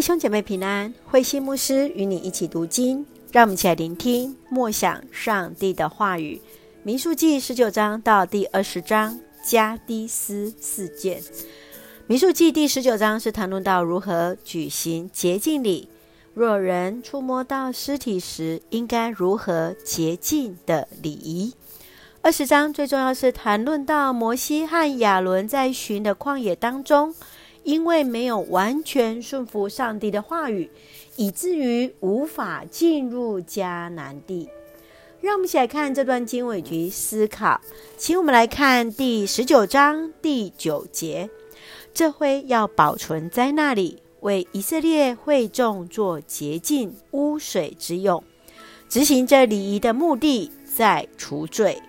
弟兄姐妹平安，慧馨牧師與你一起讀經，讓我們一起來聆聽默想上帝的話語。《民數記》十九章到第二十章加低斯事件。《民數記》第十九章是談論到如何舉行潔淨禮，若人觸摸到屍體時應該如何潔淨的禮儀。二十章最重要是談論到摩西和亞倫在尋的曠野當中。因為沒有完全順服上帝的話語，以至於無法進入迦南地。讓我們一起來看這段經文去思考，請我們來看第十九章第九節：這灰要保存在那裡，為以色列會眾做潔淨污水之用，執行這禮儀的目的在除罪。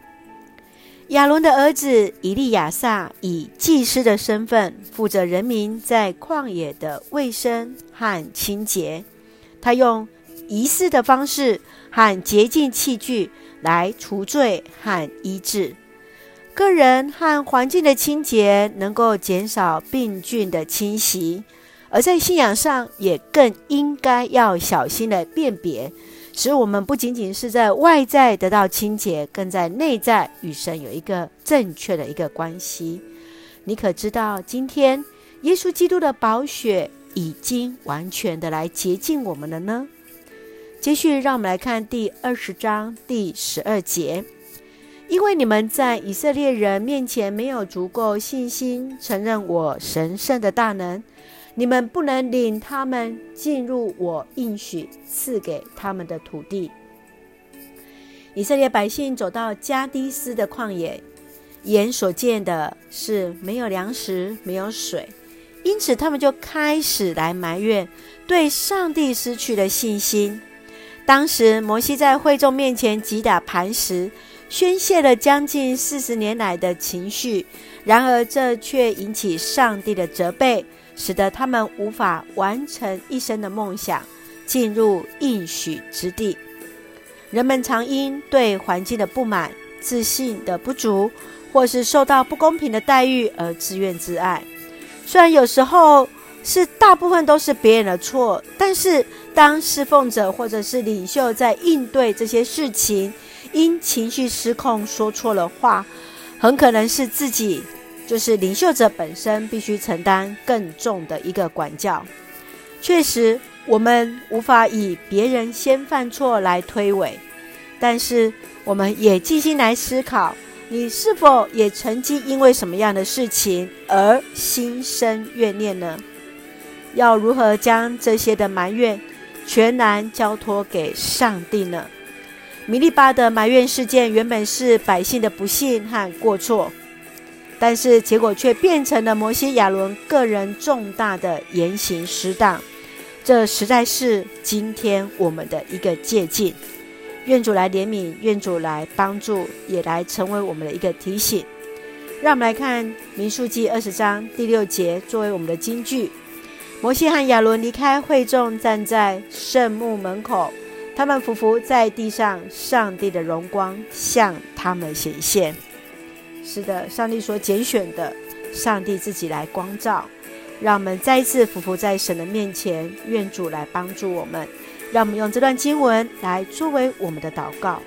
亞倫的兒子以利亞撒以祭司的身份，負責人民在曠野的衛生和清潔。他用儀式的方式和潔淨器具來除罪和醫治。個人和環境的清潔能夠減少病菌的侵襲，而在信仰上也更應該要小心地辨別。使我們不僅僅是在外在得到清潔，更在內在與神有一個正確的一個關係。你可知道，今天耶穌基督的寶血已經完全的來潔淨我們了呢？接續，讓我們來看第二十章第十二節，因為你們在以色列人面前沒有足夠信心承認我神聖的大能。你們不能領他們進入我應許賜給他們的土地。以色列百姓走到加低斯的曠野，眼所見的是沒有糧食，沒有水，因此他們就開始來埋怨，對上帝失去了信心。當時，摩西在會眾面前擊打磐石。宣洩了將近四十年來的情緒，然而這卻引起上帝的責備，使得他們無法完成一生的夢想，進入應許之地。人們常因對環境的不滿、自信的不足，或是受到不公平的待遇而自怨自艾。雖然有時候是大部分都是別人的錯，但是當侍奉者或者是領袖在應對這些事情，因情緒失控說錯了話，很可能是自己，就是領袖者本身必須承擔更重的一個管教。確實，我們無法以別人先犯錯來推諉，但是我們也靜心來思考，你是否也曾經因為什麼樣的事情而心生怨念呢？要如何將這些的埋怨全然交託給上帝呢？米利巴的埋怨事件，原本是百姓的不信和過錯，但是結果卻變成了摩西亞倫個人重大的言行失當，這實在是今天我們的一個借鑑。願主來憐憫，願主來幫助，也來成為我們的一個提醒。讓我們來看《民數記》二十章第六節作為我們的金句：摩西和亞倫離開會眾，站在聖幕門口。他們俯伏在地上，上帝的榮光向他們顯現。是的，上帝所揀選的，上帝自己來光照。讓我們再一次俯伏在神的面前，願主來幫助我們。讓我們用這段經文來作為我們的禱告。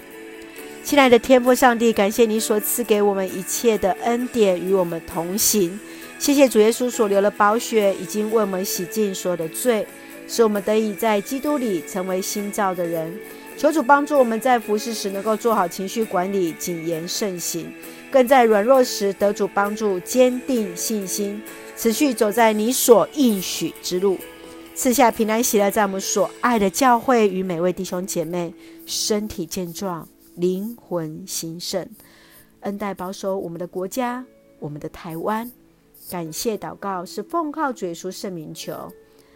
親愛的天父上帝，感謝你所賜給我們一切的恩典，與我們同行。謝謝主耶穌所流的寶血，已經為我們洗淨所有的罪。使我們得以在基督裡成為新造的人，求主幫助我們在服侍時能夠做好情緒管理，謹言慎行，更在軟弱時得主幫助，堅定信心，持續走在你所應許之路。賜下平安喜樂，在我們所愛的教會與每位弟兄姐妹，身體健壯，靈魂興盛，恩待保守我們的國家，我們的台灣。感謝禱告是奉靠主耶穌聖名求。